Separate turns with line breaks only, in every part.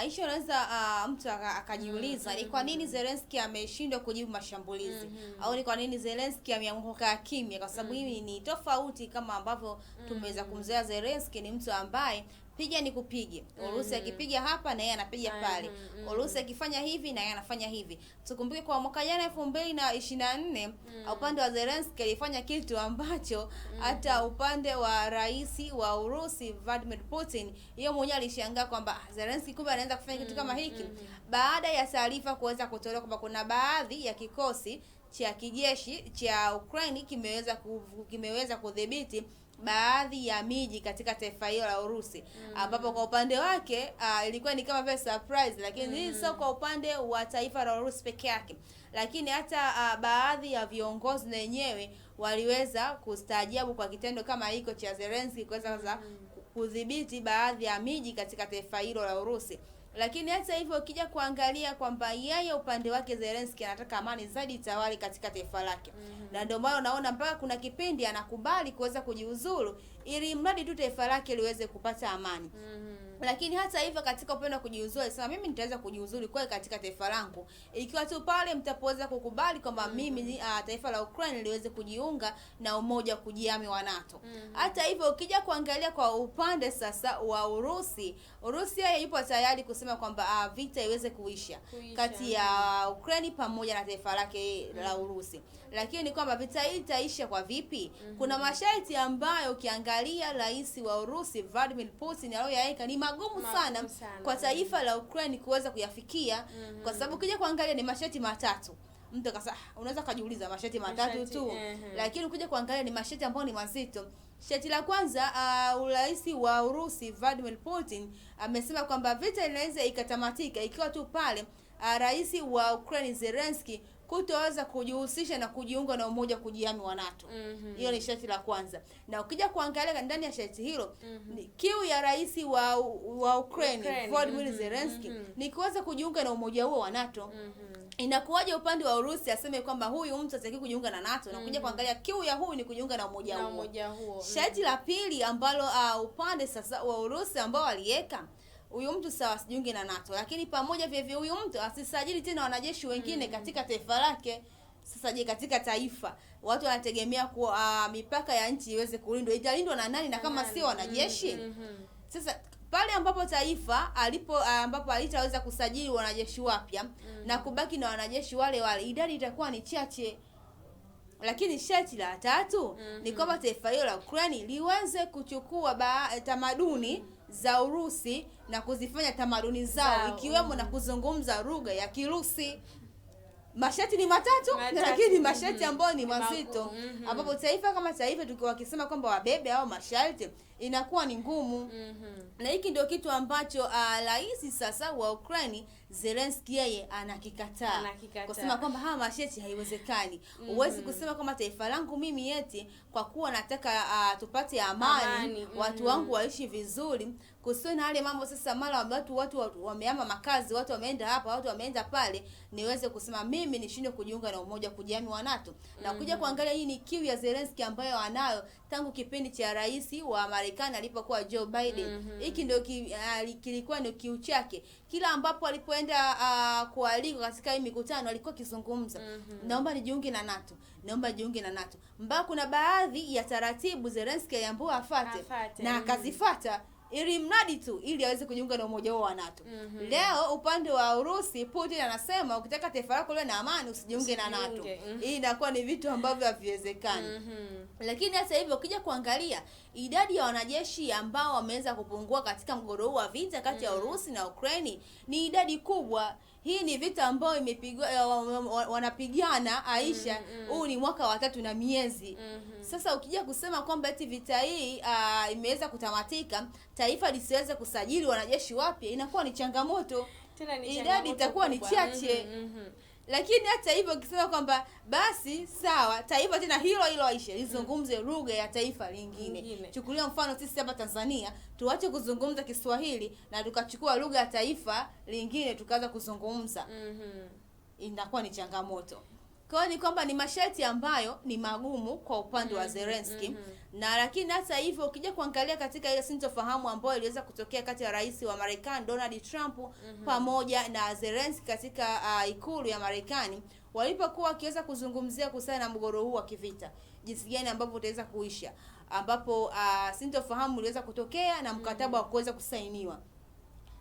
Aisha, ah, unaweza uh, ah, mtu akajiuliza mm -hmm. ni kwa nini Zelensky ameshindwa kujibu mashambulizi mm -hmm. au ni kwa nini Zelensky ameamua kukaa kimya, kwa sababu mm hii ni tofauti kama ambavyo tumeweza mm-hmm. kumzoea Zelensky ni mtu ambaye piga ni kupige Urusi mm-hmm. akipiga hapa na yeye anapiga mm-hmm. pale, mm-hmm. Urusi akifanya hivi na yeye anafanya hivi. Tukumbuke kwa mwaka jana elfu mbili na ishirini na nne upande wa Zelensky alifanya kitu ambacho hata upande wa rais wa Urusi Vladimir Putin yeye mwenyewe alishangaa kwamba ah, Zelensky kumbe anaweza kufanya kitu kama hiki, baada ya taarifa kuweza kutolewa kwamba kuna baadhi ya kikosi cha kijeshi cha Ukraine kimeweza ku, kimeweza kudhibiti baadhi ya miji katika taifa hilo la Urusi mm. ambapo kwa upande wake uh, ilikuwa ni kama vile surprise, lakini mm. sio kwa upande wa taifa la Urusi peke yake, lakini hata uh, baadhi ya viongozi na wenyewe waliweza kustaajabu kwa kitendo kama hiko cha Zelensky kuweza mm kudhibiti baadhi ya miji katika taifa hilo la Urusi. Lakini hata hivyo, ukija kuangalia kwamba yeye upande wake Zelensky anataka amani zaidi tawali katika taifa lake mm -hmm. na ndio maana unaona mpaka kuna kipindi anakubali kuweza kujiuzuru ili mradi tu taifa lake liweze kupata amani mm -hmm. Lakini hata hivyo katika upendo wa kujiuzuru alisema mimi nitaweza kujiuzuru kweli katika taifa langu ikiwa tu pale mtapoweza kukubali kwamba mm -hmm. mimi uh, taifa la Ukraine liweze kujiunga na umoja kujiami wa NATO. Mm -hmm. hata hivyo ukija kuangalia kwa upande sasa wa Urusi, Urusi yeye yupo tayari kusema kwamba uh, vita iweze kuisha, kuisha kati ya uh, Ukraine pamoja na taifa lake mm -hmm. la mm-hmm. Urusi, lakini kwamba vita hii itaisha kwa vipi? mm -hmm. kuna mm-hmm. masharti ambayo ukiangalia rais wa Urusi Vladimir Putin aliyoyaweka ni magumu sana, sana kwa taifa la Ukraine kuweza kuyafikia mm -hmm. kwa sababu ukija kuangalia ni mashati matatu mtu kasa, ah, unaweza kujiuliza mashati matatu tu ehe. Lakini ukija kuangalia ni mashati ambayo ni mazito. Shati la kwanza uh, rais wa Urusi Vladimir Putin amesema kwamba vita inaweza ikatamatika ikiwa tu pale uh, rais wa Ukraine Zelensky kutoweza kujihusisha na kujiunga na umoja kujihami wa NATO. mm -hmm. Hiyo ni sharti la kwanza, na ukija kuangalia ndani ya sharti hilo mm -hmm. kiu ya rais wa wa Ukraine Volodymyr mm -hmm. Zelensky mm -hmm. ni kuweza kujiunga na umoja huo wa NATO. mm -hmm. Inakuwaje upande wa Urusi aseme kwamba huyu mtu hataki kujiunga na NATO? mm -hmm. na kuja mhm. kuangalia kiu ya huyu ni kujiunga na umoja huo. Sharti mm -hmm. la pili ambalo uh, upande sasa wa Urusi ambao waliweka huyu mtu sawa, sijiunge na NATO, lakini pamoja vilevile huyu mtu asisajili tena wanajeshi wengine mm. katika taifa lake. Sasa je, katika taifa watu wanategemea kuwa uh, mipaka ya nchi iweze kulindwa, italindwa na nani? Na kama sio wanajeshi mm -hmm. Sasa pale ambapo taifa alipo ah, ambapo alitaweza kusajili wanajeshi wapya mm -hmm. na kubaki na wanajeshi wale wale, idadi itakuwa ni chache. Lakini sharti la tatu mm -hmm. ni mhm. kwamba taifa hilo la Ukraine liweze kuchukua eh, tamaduni za Urusi na kuzifanya tamaduni zao wow. ikiwemo na kuzungumza lugha ya Kirusi. Masharti ni matatu, lakini mhm. masharti ambayo ni mazito, mhm. ambapo taifa kama taifa tukiwa kwamba wabebe au masharti inakuwa ni ngumu. mm -hmm. na hiki ndio kitu ambacho ah, rais uh, sasa wa Ukraine Zelensky yeye anakikataa, anakikataa kusema kwamba hawa masheti haiwezekani. mm mm-hmm. -hmm. Uwezi kusema kwamba taifa langu mimi yeti kwa kuwa nataka uh, tupate amani, amani. Mm -hmm. Watu wangu waishi vizuri, kusiwe na yale mambo sasa, mara watu watu wameama makazi, watu wameenda hapa, watu wameenda pale, niweze kusema mimi nishindwe kujiunga na umoja kujiami wa NATO na mm -hmm. kuja kuangalia, hii ni kiu ya Zelensky ambayo anayo tangu kipindi cha rais wa Marekani alipokuwa Joe Biden. mm hiki -hmm. ndio ki, uh, kilikuwa ndio kiu chake kila ambapo alipo kwenda uh, kualikwa katika hii mikutano alikuwa akizungumza mm -hmm. naomba nijiunge na NATO, naomba nijiunge na NATO, mpaka kuna baadhi ya taratibu Zelensky aliambiwa afate, afate na mhm. akazifata mm -hmm ili mradi tu ili aweze kujiunga na umoja huo wa NATO. mm -hmm. Leo upande wa Urusi, Putin anasema ukitaka taifa lako liwe na amani usijiunge na NATO. Mhm. Hii mm -hmm. inakuwa ni vitu ambavyo haviwezekani. mm -hmm. Lakini hata hivyo ukija kuangalia idadi ya wanajeshi ambao wameweza kupungua katika mgogoro huu wa vita kati ya mm -hmm. Urusi na Ukraini ni idadi kubwa hii ni vita ambayo imepigwa eh, wanapigana Aisha, mm, mm. huu mm -hmm. ni mwaka wa tatu na miezi mm -hmm. Sasa ukija kusema kwamba eti vita hii uh, imeweza kutamatika, taifa lisiweze kusajili wanajeshi wapya, inakuwa ni changamoto, idadi itakuwa ni chache mm -hmm. Lakini hata hivyo ukisema kwamba basi sawa, taifa tena hilo hilo aishe lizungumze lugha ya taifa lingine. Chukulia mfano sisi hapa Tanzania, tuache kuzungumza Kiswahili na tukachukua lugha ya taifa lingine tukaanza kuzungumza. mm -hmm. Inakuwa ni changamoto. Kwa hiyo ni kwamba ni masharti ambayo ni magumu kwa upande mm -hmm. wa Zelensky mm -hmm. na lakini hata hivyo ukija kuangalia katika ile sintofahamu ambayo iliweza kutokea kati ya rais wa Marekani Donald Trump mm -hmm. pamoja na Zelensky katika uh, ikulu ya Marekani walipokuwa wakiweza kuzungumzia kuhusiana na mgogoro huu wa kivita, jinsi gani ambavyo utaweza kuisha, ambapo uh, sintofahamu iliweza kutokea na mkataba mm -hmm. wa mm-hmm. kuweza kusainiwa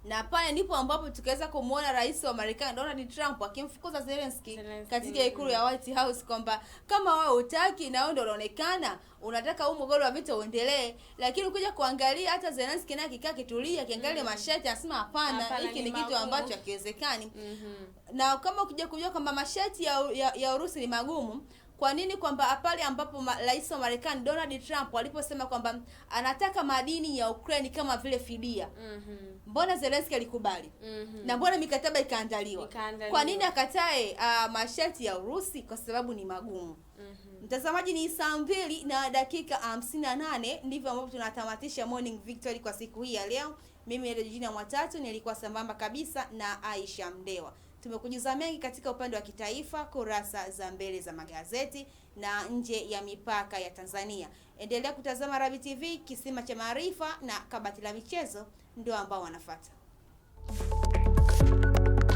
na pale ndipo ambapo tukaweza kumwona rais wa Marekani Donald Trump akimfukuza Zelensky, Zelensky katika ikulu ya White House kwamba kama wewe utaki na wewe ndio unaonekana unataka huu mgogoro wa vita uendelee, lakini ukija kuangalia hata Zelensky naye akikaa kitulia akiangalia mm -hmm. masharti anasema hapana, hiki ni kitu ambacho hakiwezekani. mm -hmm. na kama ukija kujua kwamba masharti ya, ya, ya Urusi ni magumu kwa nini? Kwamba pale ambapo rais wa Marekani Donald Trump aliposema kwamba anataka madini ya Ukraine kama vile fidia, mhm. mbona mm -hmm. Zelensky alikubali mm -hmm. na mbona mikataba ikaandaliwa? kwa nini akatae uh, masharti ya Urusi? Kwa sababu ni magumu mm -hmm. Mtazamaji, ni saa mbili na dakika hamsini na nane ndivyo ambavyo tunatamatisha Morning Victory kwa siku hii ya leo. Mimi Regina Mwatatu nilikuwa sambamba kabisa na Aisha Mdewa tumekujuza mengi katika upande wa kitaifa, kurasa za mbele za magazeti na nje ya mipaka ya Tanzania. Endelea kutazama Rabi TV, kisima cha maarifa na kabati la michezo ndio ambao wanafuata.